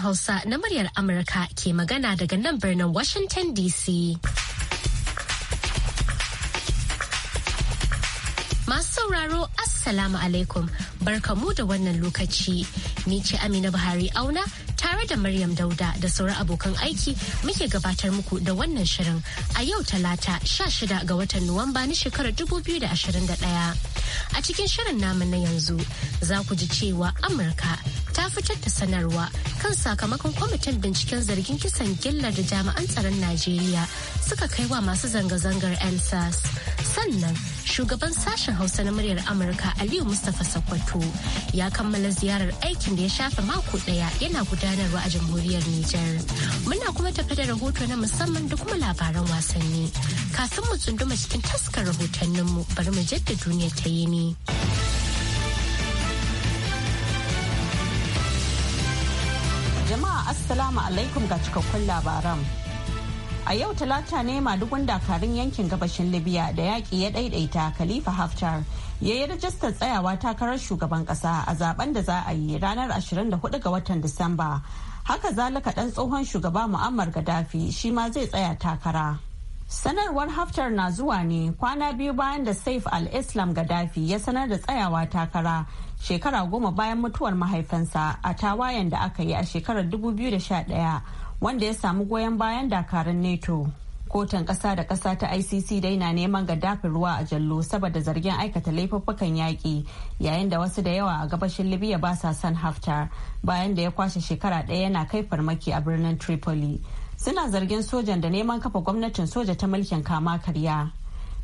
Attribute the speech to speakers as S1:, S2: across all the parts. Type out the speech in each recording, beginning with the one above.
S1: Hausa na muryar Amurka ke magana daga nan birnin Washington DC. Masu sauraro Assalamu alaikum barkamu da wannan lokaci. Ni ce Amina Buhari auna tare da Maryam Dauda da sauran abokan aiki muke gabatar muku da wannan shirin a yau talata 16 ga watan Nuwamba na shekarar 2021. A cikin shirin namu na yanzu za ku ji cewa Amurka ta fitar da sanarwa kan sakamakon kwamitin binciken zargin kisan gillar da jami'an tsaron Najeriya suka kai wa masu zanga-zangar elsas Sannan shugaban sashen Hausa na muryar Amurka Aliyu Mustapha sakwato ya kammala ziyarar aikin da ya shafe mako daya yana gudanarwa a jamhuriyar Nijar. Muna kuma tafi da rahoto na musamman da kuma labaran wasanni. Kafin mu tsunduma cikin taskar rahotanninmu bari mu jaddada duniya ta yi ni.
S2: Assalamu alaikum ga cikakkun labaran. A yau talata ne madugun dakarun yankin gabashin Libya da yaƙi ya ɗaiɗaita Khalifa Haftar ya yi rajistar tsayawa takarar shugaban ƙasa a zaben da za a yi ranar 24 ga watan Disamba. Haka zalika ɗan tsohon shugaba Muammar Gaddafi shi ma zai tsaya takara. Sanarwar Haftar na zuwa ne kwana biyu bayan da Saif al-Islam Gaddafi ya sanar da tsayawa takara shekara goma bayan mutuwar mahaifinsa a tawayen da aka yi a shekarar 2011 wanda ya samu goyon bayan dakarun NATO. Kotun ƙasa da ƙasa ta ICC dai na neman Gaddafi ruwa a jallo saboda zargin aikata laifuffukan yaƙi yayin da wasu da yawa a gabashin Libya ba sa son Haftar bayan da ya kwashe shekara ɗaya yana kai farmaki a birnin Tripoli. suna zargin sojan da neman kafa gwamnatin soja ta mulkin kama karya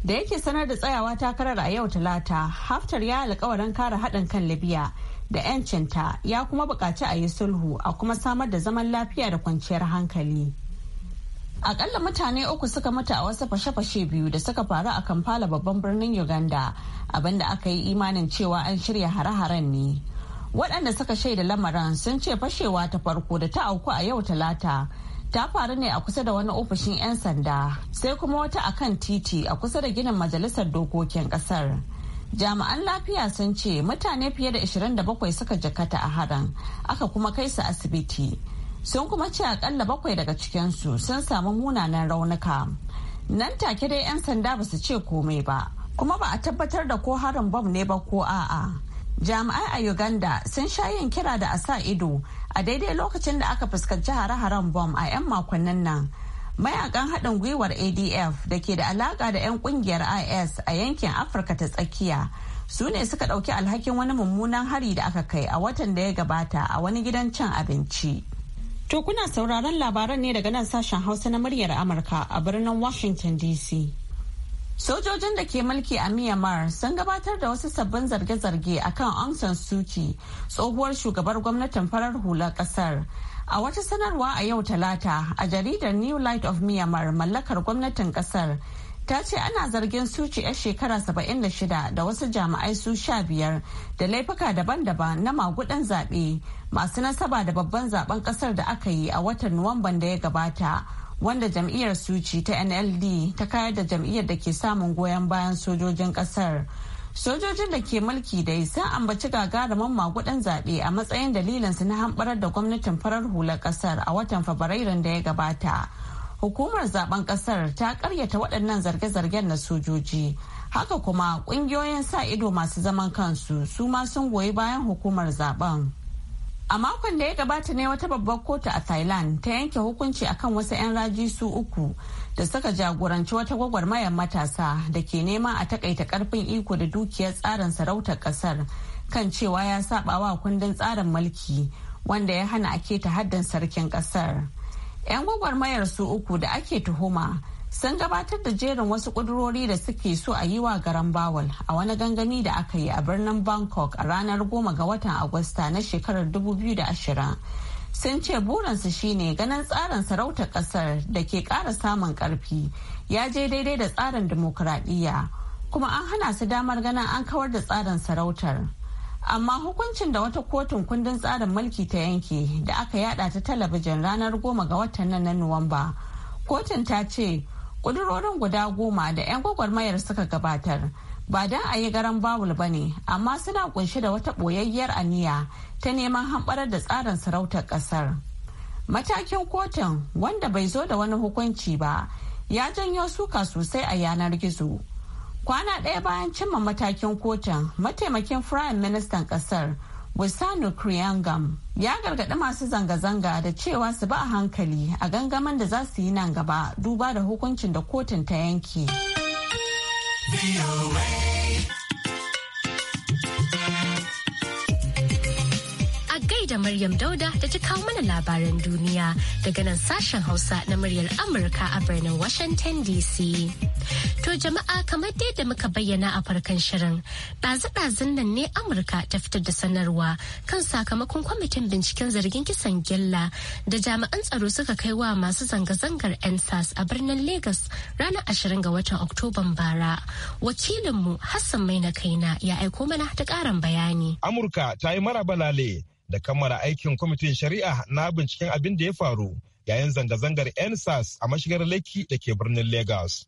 S2: da yake sanar da tsayawa takarar a yau talata haftar ya alkawarin kare haɗin kan libya da 'yancinta ya kuma buƙaci a yi sulhu a kuma samar da zaman lafiya da kwanciyar hankali akalla mutane uku suka mutu a wasu fashe-fashe biyu da suka faru a kampala babban birnin uganda abinda aka yi imanin cewa an shirya hare-haren ne waɗanda suka shaida lamarin sun ce fashewa ta farko da ta auku a yau talata ta faru ne a kusa da wani ofishin 'yan sanda sai kuma wata a kan titi a kusa da ginin majalisar dokokin kasar jami'an lafiya sun ce mutane fiye da 27 suka jakata a haɗin aka kuma kai su asibiti sun kuma ce akalla bakwai daga cikinsu sun samu munanan raunuka nan take dai 'yan sanda ba su ce komai ba kuma ba a tabbatar da ko harin bom ne ba ko a'a. jami'ai a uganda sun sha yin kira da a sa ido a daidai lokacin da aka fuskanci hare-haren bom a 'yan makonnin nan mayakan haɗin gwiwar adf da ke da alaƙa da 'yan ƙungiyar is a yankin afirka ta tsakiya su ne suka ɗauki alhakin wani mummunan hari da aka kai a watan da ya gabata a wani gidan cin abinci to kuna sauraron labaran ne daga nan sashen hausa na muryar amurka a birnin washington dc Sojojin da ke mulki a Myanmar sun gabatar da wasu sabbin zarge-zarge a kan Aung San Suu Kyi, tsohuwar shugabar gwamnatin farar hula kasar. A wata sanarwa a yau talata a jaridar New Light of Myanmar mallakar gwamnatin kasar ta ce ana zargin suci 'yar shekara 76 da wasu jami'ai su 15 da laifuka daban-daban na magudan zaɓe masu nasaba da babban zaben kasar da aka yi a watan Nuwamban da ya gabata. wanda jam'iyyar suci ta nld ta kayar da jam'iyyar da ke samun goyon bayan sojojin kasar sojojin da ke mulki dai sun ambaci gagarumin magudan zaɓe a matsayin dalilinsu na hamɓarar da gwamnatin farar hular ƙasar a watan fabrairun da ya gabata hukumar zaben ƙasar ta karyata waɗannan zarge-zargen na sojoji haka kuma ƙungiyoyin sa ido masu zaman kansu su ma sun goyi bayan hukumar zaben. A makon da ya gabata ne wata babbar kotu a Thailand ta yanke hukunci akan wasu 'yan raji su uku da suka jagoranci wata gwagwarmayar matasa da ke nema a takaita karfin iko da dukiyar tsarin sarautar kasar kan cewa ya saba kundin tsarin mulki wanda ya hana ake ta haddan sarkin kasar. 'Yan gwagwarmayar su uku da ake tuhuma sun gabatar da jerin wasu ƙudurori da suke so a yi wa garan bawal a wani gangami da aka yi a birnin bangkok a ranar goma ga watan agusta na shekarar 2020 sun ce burinsu shine ganin tsarin sarauta kasar da ke ƙara samun ƙarfi ya je daidai da tsarin dimokuraɗiyya kuma an hana su damar ganin an kawar da tsarin sarautar amma hukuncin da wata kotun kundin tsarin mulki ta yanke da aka yada ta talabijin ranar goma ga watan nan na nuwamba kotun ta ce Kudurorin guda goma da 'yan gwagwarmayar suka gabatar ba don a yi garan bawul ba ne amma suna kunshe da wata ɓoyayyiyar aniya ta neman hamɓarar da tsarin sarautar ƙasar matakin kotun wanda bai zo da wani hukunci ba ya janyo suka sosai a yanar gizo kwana ɗaya bayan cimma matakin kotun mataimakin firayim ministan ƙasar Wisanu Kriyangam ya gargaɗi masu zanga-zanga da cewa su ba a hankali a gangamin da za su yi nan gaba duba da hukuncin da kotun ta yanke.
S1: gaida Maryam Dauda da ta kawo mana labaran duniya daga nan sashen Hausa na muryar Amurka a birnin Washington DC. To jama'a kamar dai da muka bayyana a farkon shirin ɗazu-ɗazun nan ne Amurka ta fitar da sanarwa kan sakamakon kwamitin binciken zargin kisan gilla da jami'an tsaro suka kai wa masu zanga-zangar NSAS a birnin Legas ranar ashirin ga watan Oktoban bara. Wakilinmu Hassan mai na Kaina ya aiko mana da ƙarin bayani.
S3: Amurka ta yi mara balale da kammala aikin kwamitin shari'a na binciken abin da ya faru yayin zanga-zangar NSAS a mashigar Lekki da ke birnin Legas.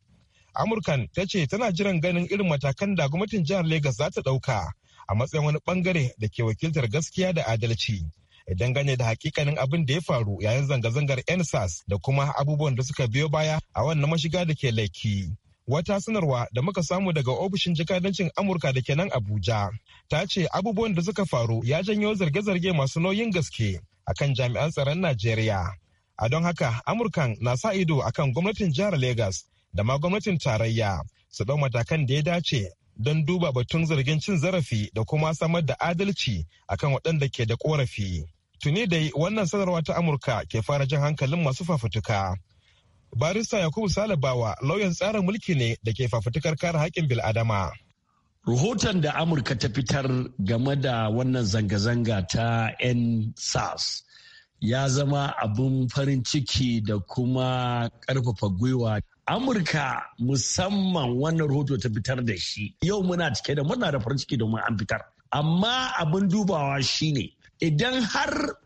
S3: amurkan ta ce tana jiran ganin irin matakan da gwamnatin jihar Legas za ta ɗauka a matsayin wani bangare da ke wakiltar gaskiya da adalci idan gane da hakikanin abin da ya faru yayin zanga-zangar ensas da kuma abubuwan da suka biyo baya a wannan mashiga da ke laiki wata sanarwa da muka samu daga ofishin jikadancin amurka da ke nan abuja ta ce abubuwan da suka faru ya janyo zarge-zarge masu nauyin gaske akan jami'an tsaron najeriya a don haka amurkan na sa ido a kan gwamnatin jihar Legas da ma gwamnatin tarayya su ɗau matakan da ya dace don duba batun zargin cin zarafi da kuma samar da adalci akan waɗanda ke da ƙorafi. Tuni dai wannan sanarwa ta Amurka ke fara jan hankalin masu fafutuka. Barista Yakubu Salabawa lauyan tsarin mulki ne da ke fafutukar kare haƙƙin bil'adama.
S4: Rahoton da Amurka ta fitar game da wannan zanga-zanga ta NSAS ya zama abin farin ciki da kuma ƙarfafa gwiwa Amurka musamman wannan rahoto ta fitar da shi yau muna cike da muna da farin ciki domin an fitar. Amma abin dubawa shine idan har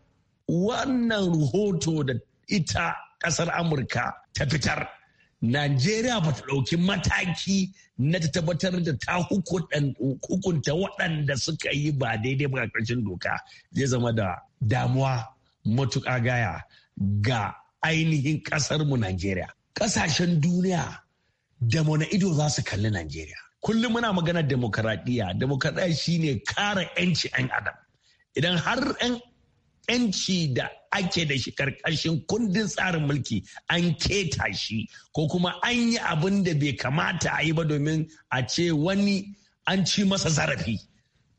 S4: wannan rahoto da ita ƙasar Amurka ta fitar, Najeriya ba ta ɗauki mataki na ta tabbatar da ta hukunta waɗanda suka yi ba daidai ba ƙarshen doka zai zama da damuwa matuƙa gaya ga ainihin ƙasarmu Najeriya. ƙasashen duniya da mana ido za su kalli Najeriya. Kullum muna maganar demokaradiyya. Demokaradiyya shine kare 'yanci 'yan adam. Idan har 'yanci da ake da shi karkashin kundin tsarin mulki an keta shi ko kuma an yi abin da bai kamata a yi ba domin a ce wani an ci masa zarafi.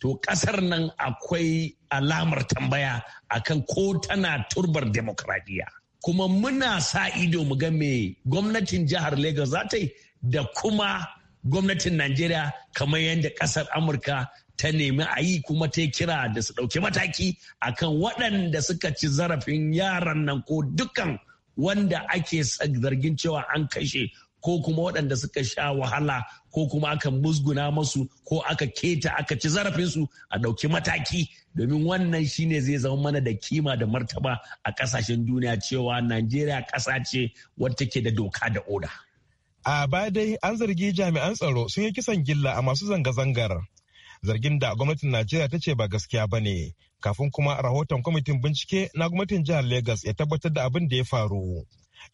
S4: To ƙasar nan akwai alamar tambaya akan ko tana turbar demokaradiyya. kuma muna sa ido mu ga me gwamnatin jihar Lagos za ta yi da kuma gwamnatin Najeriya kamar yadda ƙasar Amurka ta nemi a yi kuma ta kira da su ɗauki mataki akan waɗanda suka ci zarafin yaran nan ko dukan wanda ake zargin cewa an kashe ko kuma waɗanda suka sha wahala ko kuma aka musguna masu ko aka keta aka ci zarafinsu a ɗauki mataki domin wannan shine zai zama mana da kima da martaba a kasashen duniya cewa najeriya ƙasa ce wadda ke
S3: da doka da oda a baya dai an zargi jami'an tsaro sun yi kisan gilla a masu zanga-zangar zargin da gwamnatin najeriya ta ce ba gaskiya ba ne kafin kuma rahoton kwamitin bincike na gwamnatin jihar Legas ya tabbatar da abin da ya faru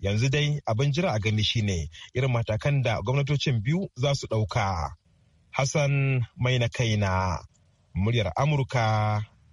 S3: yanzu dai abin jira a gani shine irin matakan da gwamnatocin biyu za su ɗauka hassan mai na kaina muryar amurka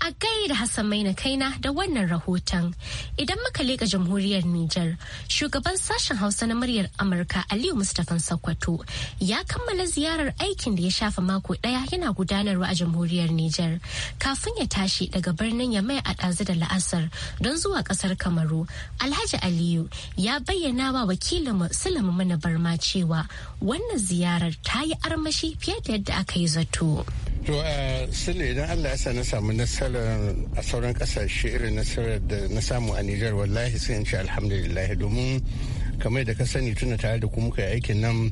S1: A da Hassan Maina kaina da wannan rahoton. Idan muka leka jamhuriyar Nijar, shugaban sashen Hausa na muryar Amurka Aliyu Mustapha Sokoto ya kammala ziyarar aikin da ya shafa mako ɗaya yana gudanarwa a jamhuriyar Nijar. Kafin ya tashi daga birnin ya Yamai a ɗazu da la'asar don zuwa ƙasar Kamaru, Alhaji Aliyu ya bayyana wa wakilinmu Sulama Mana Barma cewa wannan ziyarar ta yi armashi fiye da yadda aka yi zato.
S5: To, eh, idan Allah ya sa na samu nasara matsalar a sauran kasashe irin nasarar da na samu a Nijar wallahi sai in ce alhamdulillah domin kamar da ka sani tuna tare da kuma muka yi aikin nan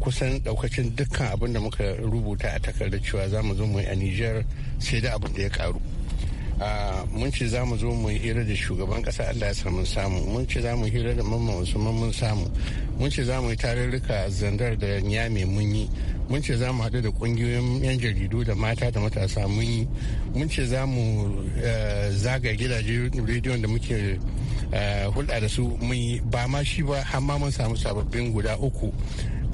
S5: kusan daukacin dukkan abin da muka rubuta a takardar cewa za mu zo mu yi a Nijar sai da abin da ya karu. mun ce za mu zo mu hira da shugaban kasa Allah ya samu samu mun ce za mu hira da mamman wasu mun samu mun ce za mu yi tarurruka zandar da nyame mun yi mun ce za mu haɗu da ƙungiyoyin 'yan jaridu da mata da matasa mun yi mun ce za mu eh, zaga gidaje rediyon da muke eh, hulɗa da su mun yi ba ma shi ba har ma mun samu sababbin guda uku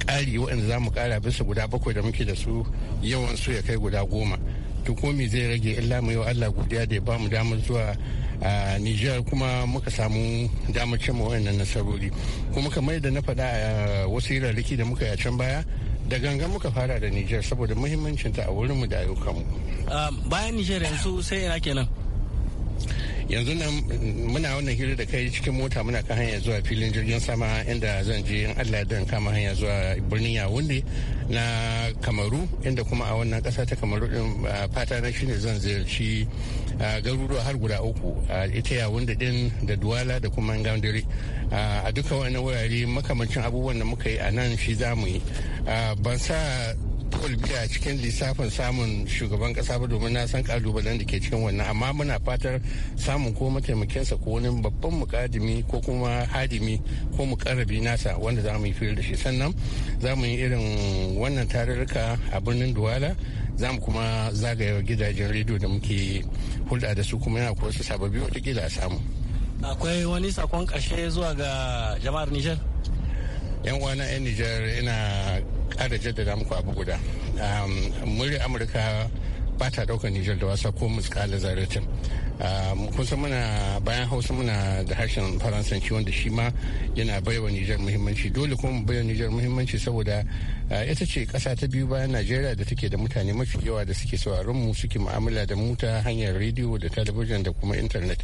S5: ƙari waɗanda za mu ƙara bisa guda bakwai da muke da su yawan su ya kai guda goma to ko me zai rage illa mu yau Allah godiya da ya ba mu damar zuwa a eh, Nijar kuma muka samu damar cimma wayannan nasarori kuma kamar da na faɗa a wasu hirarraki da muka yi can baya da ganga muka fara da Nijar saboda muhimmancinta a wurinmu da ayyukanmu.
S6: Ah, bayan
S5: Nijar yanzu sai ina kenan. yanzu nan muna wannan hira da kai cikin mota muna kan hanya zuwa filin jirgin sama inda zan je in allah dan kama hanya zuwa birnin yawunde na kamaru inda kuma a wannan kasa ta kamaru din fata na shine zan ziyarci garuruwa har guda uku ita yawunde din da duwala da kuma ngandare a duka wani wurare makamancin abubuwan da muka yi a nan shi za mu yi ban sa biya cikin lissafin samun shugaban kasa ba domin na san kalubalen da ke cikin wannan amma muna fatar samun ko mataimakinsa ko wani babban mukadimi ko kuma hadimi ko mukarrabi nasa wanda za mu yi fil da shi sannan za mu yi irin wannan tarurruka a birnin duwala za mu kuma zagaya gidajen rediyo da muke hulɗa da su kuma yana kuwa su sababbi watakila a samu akwai wani sakon ƙarshe zuwa ga jama'ar nijar yan na yan nijar ina ƙara jaddada muku abu guda um, murya amurka ba ta ɗaukar nijar da wasa ko muskala zaratin um, san muna bayan hausa muna da harshen faransanci wanda shi ma yana baiwa nijar muhimmanci dole kuma mu baiwa nijar muhimmanci saboda ita ce kasa ta biyu bayan najeriya da take da mutane mafi yawa da suke sauraron mu suke mu'amala da mu ta hanyar rediyo da talabijin da kuma intanet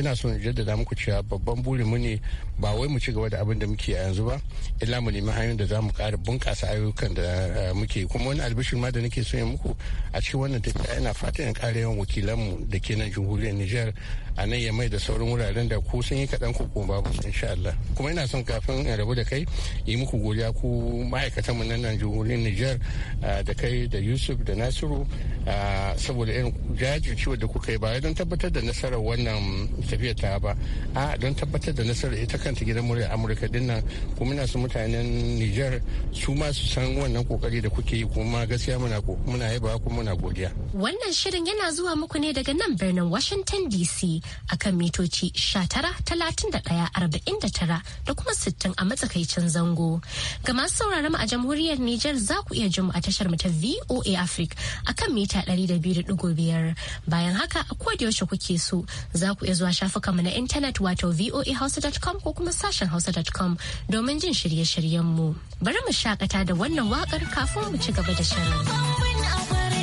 S5: ina son jaddada muku cewa babban burin mu ne ba wai mu ci gaba da abin da muke a yanzu ba illa mu nemi hanyoyin da za mu ƙara bunƙasa ayyukan da muke kuma wani albishin ma da nake so yin muku a cikin wannan tafiya ina fatan in ƙara yawan wakilanmu da ke nan jamhuriyar nijar a nan ya mai da sauran wuraren da ko sun yi kaɗan ko babu insha Allah kuma ina son kafin in rabu da kai yi muku godiya ku ma ma'aikatanmu na nan jihohin Nijar ah, da kai da Yusuf da Nasiru ah, saboda irin jajircewa da kuka yi ba don tabbatar da nasarar wannan tafiya ta ba a don tabbatar da nasarar ita kanta gidan murya Amurka din nan kuma na su mutanen Nijar su ma su san wannan kokari da kuke yi kuma gaskiya muna muna yaba kuma muna godiya.
S1: Wannan shirin yana zuwa muku ne daga nan birnin Washington DC akan mitoci 19 31 49 da kuma 60 a matsakaicin zango. Ga masu sauraron a jamhuriyar Nijar za ku iya jin a tashar mu ta VOA Africa akan mita 200.5 bayan haka a koda yaushe kuke so za ku iya zuwa shafukan mu na intanet wato voahausa.com ko kuma sashen hausa.com domin jin shirye-shiryen mu bari mu shakata da wannan wakar kafin mu ci gaba da shirin.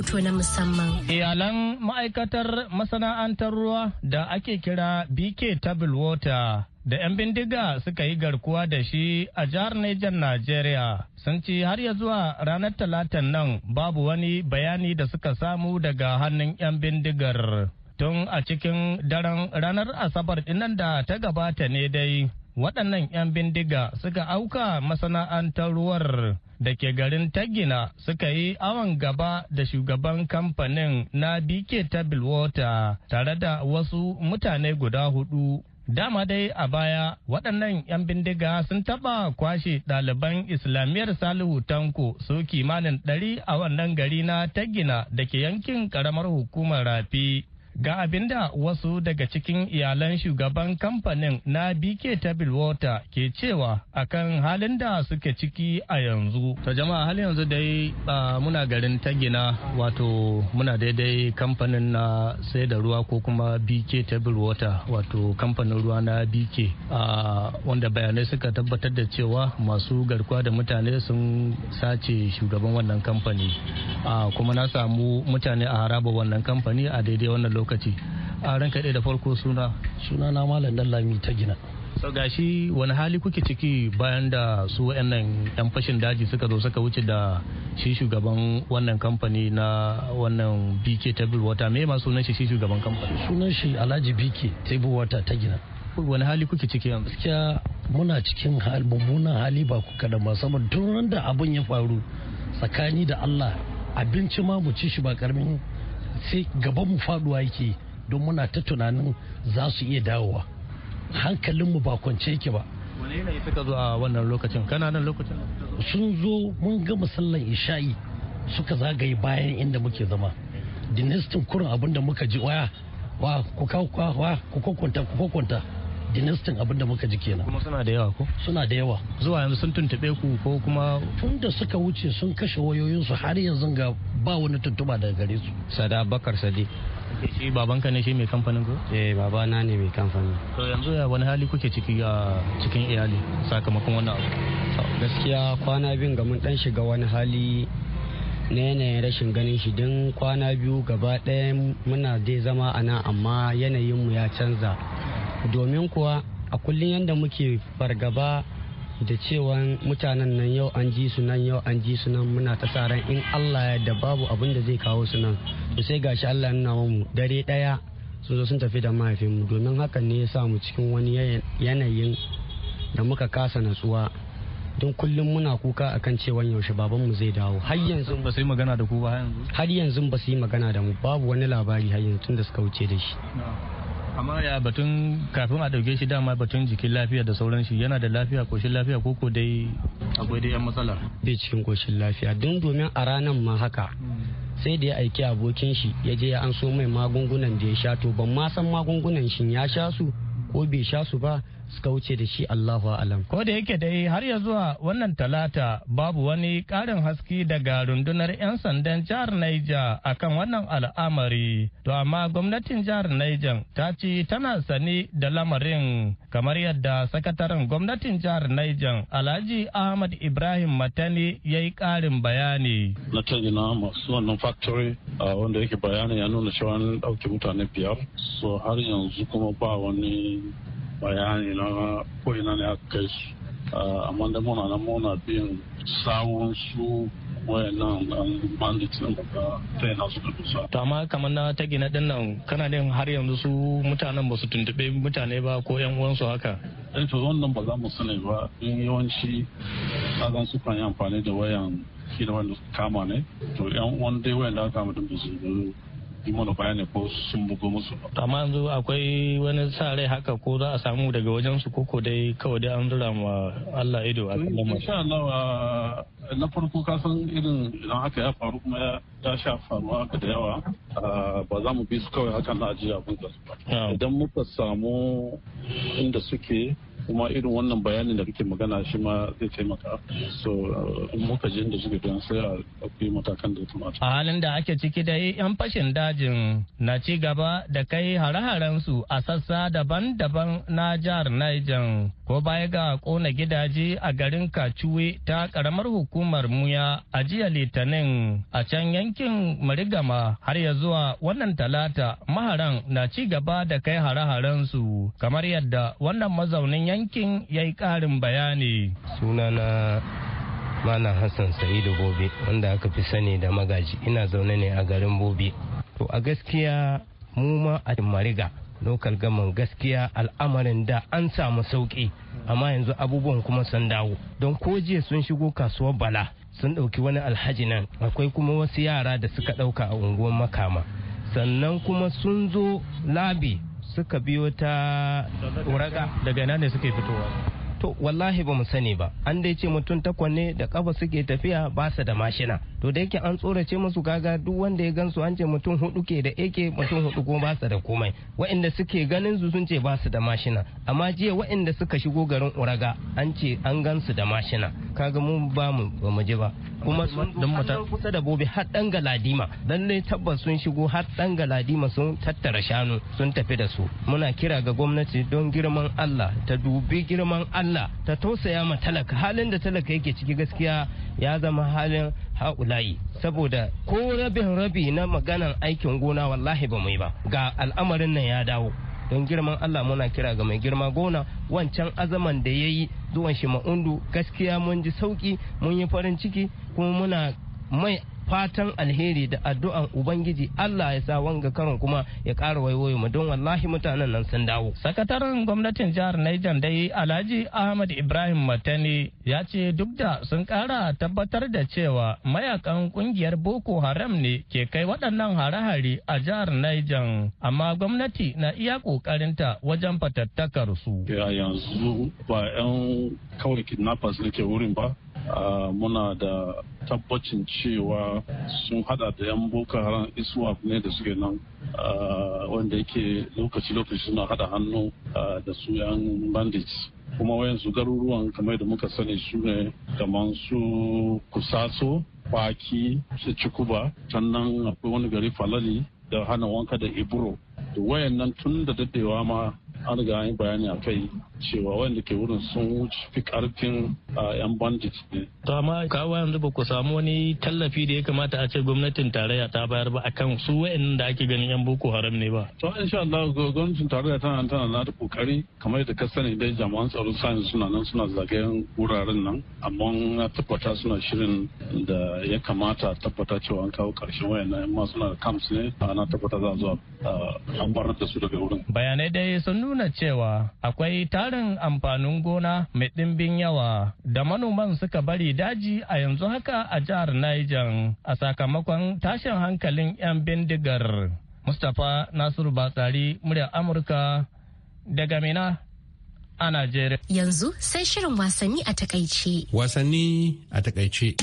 S1: rahoto na musamman.
S7: Iyalan ma'aikatar masana'antar ruwa da ake kira BK Table Water da 'yan bindiga suka yi garkuwa da shi a jihar Nijar Najeriya sun ci har ya zuwa ranar talatan nan babu wani bayani da suka samu daga hannun 'yan bindigar. Tun a cikin daren ranar Asabar dinnan da ta gabata ne dai. waɗannan 'yan bindiga suka auka masana'antar ruwar da ke garin tagina suka yi awon gaba da shugaban kamfanin na bk table water tare da wasu mutane guda hudu dama dai a baya waɗannan 'yan bindiga sun taɓa kwashe ɗaliban islamiyyar salihu tanko su kimanin ɗari a wannan gari na tagina da ke yankin ƙaramar hukumar rafi Ga abin da wasu daga cikin iyalan shugaban kamfanin na BK table Water ke cewa akan halin da suke ciki a yanzu. ta jama'a halin yanzu dai muna garin Tagina wato muna daidai kamfanin na sai da ruwa ko kuma BK table Water wato kamfanin ruwa na BK wanda bayanai suka tabbatar da cewa masu garkuwa da mutane sun sace shugaban wannan kamfani. Kuma na samu mutane a haraba wannan kamfani a daidai wannan lokacin. lokaci a ranka da farko suna suna na malam dallami ta gina so gashi wani hali kuke ciki bayan da su wayannan yan fashin daji suka zo suka wuce da shi shugaban wannan kamfani na wannan bk table water me ma sunan shi shi shugaban kamfani sunan shi alhaji bk table water ta gina wani hali kuke ciki yanzu gaskiya muna cikin mummunan hali ba ku kada ba saboda da abin ya faru tsakani da allah abinci ma mu ci shi ba karamin sai gaban mu faduwa yake don muna ta tunanin za su iya dawowa hankalinmu ba kwance yake ba wani yanayi suka zo a wannan lokacin kana nan lokacin sun zo mun ga musallan isha'i suka zagaye bayan inda muke zama dinistin kurin abin da muka ji waya wa ku kwakwanta ku kwakwanta dinestin abin da muka ji kenan kuma suna da yawa ko suna da yawa zuwa yanzu sun tuntube ku ko kuma tun da suka wuce sun kashe wayoyinsu har yanzu ga ba wani tuntuba daga gare su sada bakar sadi shi babanka ne shi mai kamfanin ko eh
S8: babana ne mai kamfanin to yanzu ya wani hali kuke ciki a cikin iyali sakamakon wannan abu gaskiya kwana biyun ga mun dan shiga wani hali na yanayin rashin ganin shi don kwana biyu gaba ɗaya muna dai zama a nan amma yanayinmu ya canza domin kuwa a kullum yadda muke fargaba da cewa mutanen nan yau an ji su nan yau an ji su nan muna ta sa ran in Allah ya da babu abin da zai kawo su nan to sai gashi Allah ya nuna mu dare daya sun zo sun tafi da mu domin hakan ne ya sa mu cikin wani yanayin da muka kasa natsuwa don kullum muna kuka akan cewa yaushe baban mu zai dawo har yanzu ba su magana da ku ba har yanzu har yanzu ba su yi magana da mu babu wani labari har yanzu tun da suka wuce da shi
S7: kamar ya batun kafin a dauke shi dama batun jikin lafiya da sauran shi yana da lafiya koshin lafiya ko ko dai akwai
S8: dai yan matsala bai cikin koshin lafiya don domin a ranar ma haka sai da ya aiki abokin shi ya je ya an so mai magungunan da ya sha to ban ma san magungunan shin ya sha su ko bai sha su ba suka wuce da shi Allahu alam.
S7: Ko da yake dai har ya zuwa wannan talata babu wani karin haski daga rundunar 'yan sandan jihar Niger akan wannan al'amari. To amma gwamnatin jihar Niger ta ce tana sani da lamarin kamar yadda sakataren gwamnatin jihar Niger Alhaji Ahmad Ibrahim Matani ya yi ƙarin bayani.
S9: Na ina masu wannan factory wanda yake bayani ya nuna cewa an ɗauki mutane biyar. So har yanzu kuma ba wani bayani na na ne aka kai su ah, amma da muna na muna biyan sawun su wayannan um, bandits din da sai na suka to amma kamar na ta gina din nan kana din
S7: har yanzu su mutanen ba su tuntube mutane ba ko yan uwansu haka eh to wannan ba za mu
S9: sani ba in yawanci zan su kan yi amfani da wayan kila wanda kama ne to yan uwan dai wayan da aka kama din su yi mana bayani ko sun bugo musu.
S7: amma yanzu akwai wani sa rai haka ko za a samu daga wajen su ko dai kawai dai an zura ma Allah ido a kan lamarin. insha
S9: Allah uh, na farko ka san irin idan haka ya faru kuma ya sha faruwa haka da yawa uh, ba za mu bi su kawai haka na ajiye abin ba. idan muka samu inda suke kuma irin wannan bayanin da kake magana shi ma zai taimaka so uh, muka jin da suke don sai a ɗauki matakan da kamata. a
S7: halin da ake ciki da yan fashin dajin na ci gaba da kai hare-haren su a sassa daban-daban na jihar Niger. ko baya ga kona gidaje a garin kacuwe ta karamar hukumar muya a jiya litinin a can yankin marigama har ya zuwa wannan talata maharan na ci gaba da kai hare-haren su kamar yadda wannan mazaunin yankin ya yi karin bayani
S6: sunana Malam Hassan Sa'idu gobe wanda aka fi sani da magaji ina zaune ne a garin Bobe. To a gaskiya mu ma a Mariga lokal gaman gaskiya al'amarin da an samu sauki amma yanzu abubuwan kuma sun dawo don ko jiya sun shigo kasuwar bala sun ɗauki wani alhaji nan akwai kuma wasu yara da suka ɗauka a unguwar makama sannan kuma sun zo labi suka biyo ta wuraga daga nan ne suke fitowa to wallahi ba mu sani ba an dai ce mutum takwas ne da kafa suke tafiya ba su da mashina to da yake an tsorace musu gaga duk wanda ya gansu an ce mutum hudu ke da ake mutum hudu ko ba su da komai wa'inda suke ganin su sun ce ba su da mashina amma jiya wa'inda suka shigo garin uraga an ce an gansu da mashina kaga mun ba mu ba mu ji ba kuma sun mata kusa da bobe har dan galadima dan ne tabbas sun shigo har dan galadima sun tattara shanu sun tafi da su muna kira ga gwamnati don girman Allah ta dubi girman Allah Allah ta tausaya ma talaka halin da talaka yake ciki gaskiya ya zama halin haulayi saboda ko rabin rabi na maganan aikin gona wallahi ba mai yi ba ga al'amarin nan ya dawo don girman Allah muna kira ga mai girma gona wancan azaman da ya yi zuwan shi ma'undu gaskiya mun ji sauki mun yi farin ciki kuma muna mai fatan alheri da addu'an ubangiji Allah ya sa wanga karon kuma ya ƙara waiwayo mu don wallahi mutanen nan sun dawo sakataren gwamnatin jihar Niger dai
S7: Alhaji Ahmad Ibrahim Matani ya ce duk da sun ƙara tabbatar da cewa mayakan ƙungiyar Boko Haram ne ke kai waɗannan hare-hare a jihar Niger amma gwamnati na iya ta wajen fatattakar su.
S9: Ya yanzu ba 'yan kawai kidnappers ne ke wurin ba Ah, muna da tabbacin cewa sun hada da 'yan boko haram iswa ne da suke nan ah, wanda yake lokaci-lokaci suna hada hannu ah, da su 'yan bandits kuma wayansu garuruwan kamar da muka sani su ne kamar su kusaso kwaki su cikuba sannan akwai wani gari falali da hana wanka da ibro da nan tun da daddewa ma an riga bayani a kai cewa wanda ke wurin sun wuce fi karfin yan bandit ne.
S7: to amma kawo yanzu ba ku samu wani tallafi da ya kamata a ce gwamnatin tarayya ta bayar ba akan su wa'annan da ake ganin yan boko haram ne ba.
S9: to insha Allah gwamnatin tarayya tana tana na da kokari kamar da ka sani dai jami'an tsaro sani suna nan suna zagayen wuraren nan amma na tabbata suna shirin da ya kamata tabbata cewa an kawo karshen wayannan amma suna da camps ne ana tabbata za a zo an barnar da su daga wurin. bayanai dai
S7: sun nuna cewa akwai tarin tarin amfanin gona mai ɗimbin yawa da manoman suka bari daji a yanzu haka a jihar Niger a sakamakon tashin hankalin 'yan bindigar. Mustapha Nasiru Batsari muryar Amurka
S1: daga Mina a Najeriya. Yanzu sai shirin wasanni a takaice. Wasanni a takaice.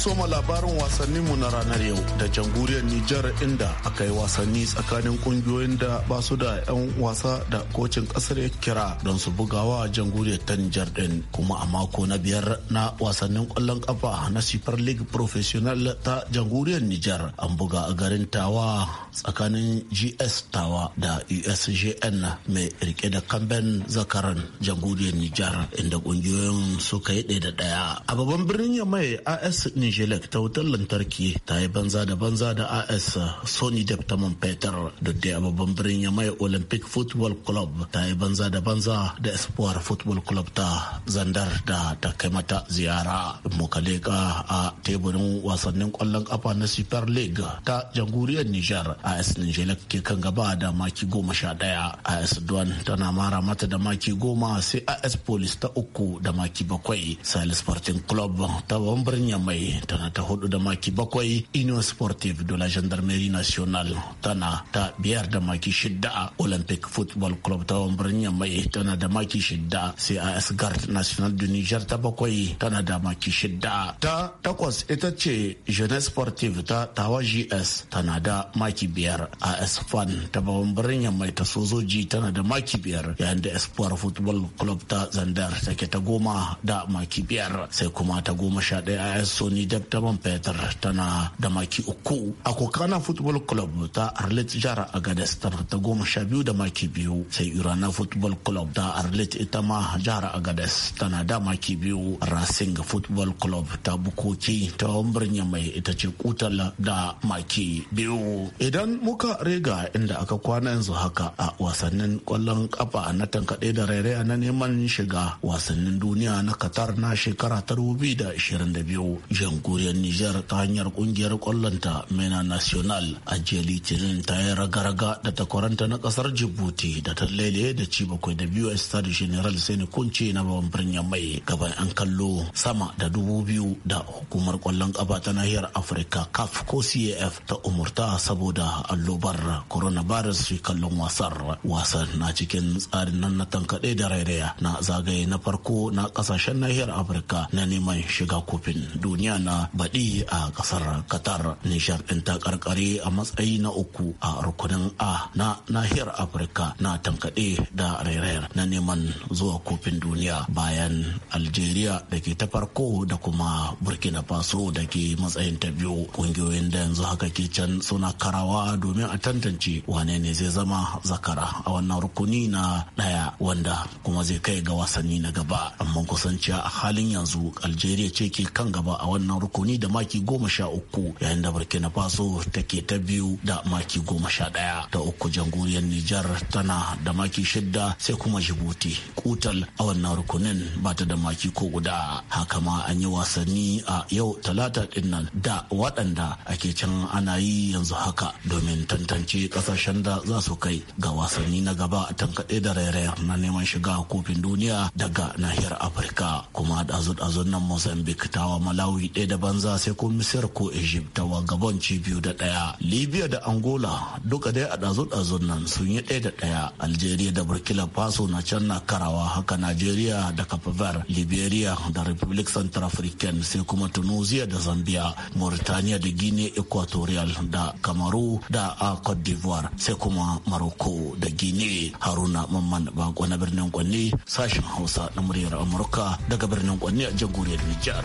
S5: soma labarin mu
S10: na ranar yau da jamhuriyar Nijar inda aka yi wasanni tsakanin kungiyoyin da ba su da 'yan wasa da kocin kasar ya kira don su bugawa jamhuriyar ta Nijar din kuma a mako na biyar na wasannin kwallon kafa na Super League Professional ta jamhuriyar Nijar an buga a garin Tawa tsakanin GS Tawa da USGN e mai rike da kamben zakaran jamhuriyar Nijar inda kungiyoyin suka yi ɗaya da ɗaya a babban birnin Yamai AS ne kamfanin ta wutar lantarki ta yi banza da banza da as sony dep ta man fetur duk da babban birnin ya mai olympic football club ta yi banza da banza da espoir football club ta zandar da ta kai mata ziyara mukaleka a teburin wasannin kwallon kafa na super league ta jamhuriyar niger as nijelek ke kan gaba da maki goma sha daya as duan tana mara mata da maki goma sai as police ta uku da maki bakwai salis sporting club ta bambarin mai tana ta hudu da maki bakwai union sportive de la gendarmerie nationale tana ta biyar da maki shidda a olympic football club ta birnin mai tana da maki shidda sai as guard national du niger ta bakwai tana da maki shidda ta takwas ita ce jeunesse sportive ta tawa gs tana da maki biyar a fan ta babban birnin mai ta sojoji tana da maki biyar yayin da espoir football club ta zandar take ta goma da maki biyar sai kuma ta goma sha ɗaya as sony man fetur tana da maki uku a kokana football club ta arlet jihar a gadastar ta goma sha biyu da maki biyu sai irana football club ta arlet ita ma jihar gadas tana da maki biyu racing football club ta bukoki ta birnin mai ita ce kutal da maki biyu idan muka rega inda aka kwana yanzu haka a wasannin kwallon kafa na tankaɗe da rairaya na neman shiga wasannin duniya na qatar na shekara ta 2022 jan jamhuriyar Nijar ta hanyar kungiyar kwallonta MENA National a jeli Litinin ta yi raga-raga da takwaranta na kasar jibuti da ta lele da ci bakwai da biyu a Stade General Sani Kunce na babban birnin mai gaban an kallo sama da dubu biyu da hukumar kwallon kafa ta nahiyar Afirka CAF ko CAF ta umurta saboda allobar coronavirus su kallon wasar. Wasan na cikin tsarin nan na tankaɗe da rairaya na zagaye na farko na ƙasashen nahiyar Afirka na neman shiga kofin duniya na na baɗi a ƙasar qatar nishar ɗin ta karkare a matsayi na uku a rukunin a na nahiyar afirka na tankaɗe da rairayar na neman zuwa kofin duniya bayan algeria da ke ta farko da kuma burkina faso da ke matsayin ta biyu ƙungiyoyin da yanzu haka ke can suna karawa domin a tantance wane ne zai zama zakara a wannan rukuni na ɗaya wanda kuma zai kai ga wasanni na gaba amma kusanciya a halin yanzu algeria ce ke kan gaba a wannan na rukuni da maki goma sha uku yayin da burkina faso take ta biyu da maki goma sha ɗaya ta uku jamhuriyar nijar tana da maki shidda sai kuma jibuti kutal a wannan rukunin ba ta da maki ko guda haka ma an yi wasanni a yau talata din nan da waɗanda ake can ana yi yanzu haka domin tantance ƙasashen da za su kai ga wasanni na gaba a tankaɗe da rairaya na neman shiga kofin duniya daga nahiyar afirka kuma ɗazu-ɗazun nan mozambique tawa malawi ɗaya da banza sai ko misir ko egypt ta gabon ci biyu da ɗaya libya da angola duka dai a ɗazu-ɗazun nan sun yi ɗaya da ɗaya algeria da burkina faso na can na karawa haka nigeria da cape liberia da republic central african sai kuma tunisia da zambia mauritania da guinea equatorial da kamaru da a cote d'ivoire sai kuma maroko da guinea haruna mamman bako na birnin kwanne sashen hausa na muryar amurka daga birnin kwanne a jamhuriyar nijar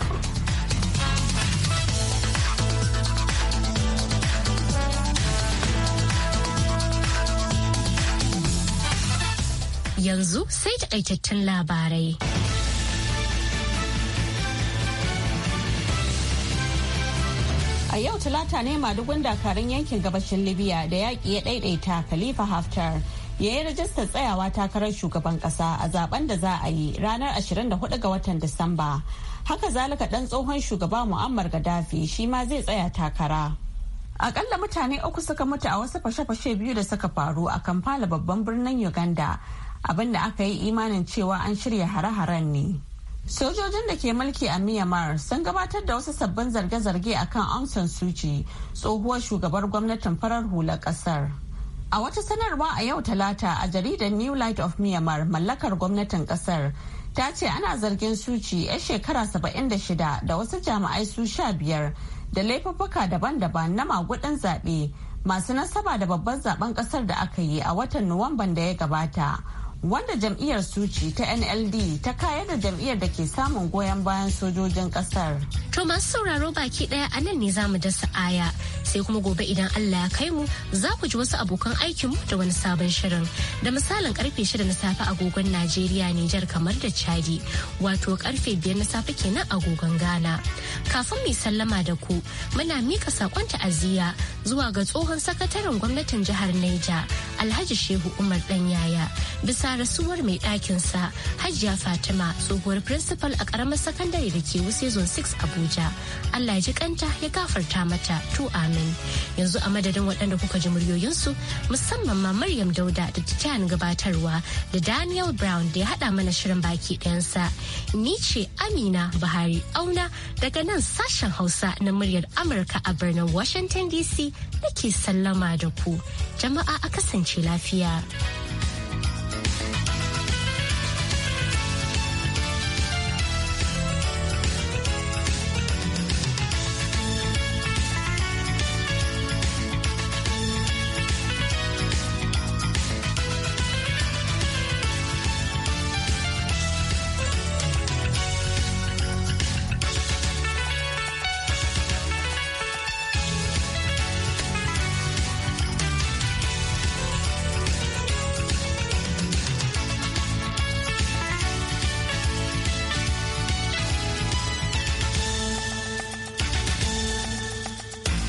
S1: Yanzu sai takaitattun labarai. A yau
S2: talata ne ma madugun dakarun yankin gabashin Libya da yaƙi ya ɗaiɗaita Khalifa Haftar ya yi rajistar tsayawa takarar shugaban kasa a zaben da za a yi ranar 24 ga watan Disamba. Haka zalika ɗan tsohon shugaba Muammar Gaddafi shi ma zai tsaya takara. Akalla mutane uku suka mutu a wasu fashe-fashe biyu da suka faru a Kampala babban birnin Uganda abin da aka yi imanin cewa an shirya hare-haren ne sojojin da ke mulki a myanmar sun gabatar da wasu sabbin zarge-zarge kan aung san suci tsohuwar shugabar gwamnatin farar hula kasar a wata sanarwa a yau talata a jaridar new light of myanmar mallakar gwamnatin kasar ta ce ana zargin suci ya shekara 76 da wasu jami'ai su sha biyar da laifuffuka daban-daban na magudan zaɓe masu nasaba da babban zaben kasar da aka yi a watan nuwamban da ya gabata wanda jam'iyyar suci ta nld ta kaya da jam'iyyar da ke
S1: samun goyon bayan sojojin kasar. to masu sauraro baki daya a nan ne za mu dasa aya sai kuma gobe idan allah ya kai mu za ku ji wasu abokan aikin mu da wani sabon shirin da misalin karfe shida na safe agogon najeriya nijar kamar da chadi wato karfe biyar na safe kenan agogon ghana kafin mai sallama da ku muna mika sakon ta'aziyya zuwa ga tsohon sakataren gwamnatin jihar niger alhaji shehu umar danyaya. bisa sa rasuwar mai ɗakinsa hajiya fatima tsohuwar principal a ƙaramar sakandare da ke wuce zone 6 abuja allah ji kanta ya gafarta mata to amin yanzu a madadin waɗanda kuka ji muryoyinsu musamman ma maryam dauda da titian gabatarwa da daniel brown da ya haɗa mana shirin baki ɗayansa ni ce amina buhari auna daga nan sashen hausa na muryar amurka a birnin washington dc nake sallama da ku jama'a a kasance lafiya.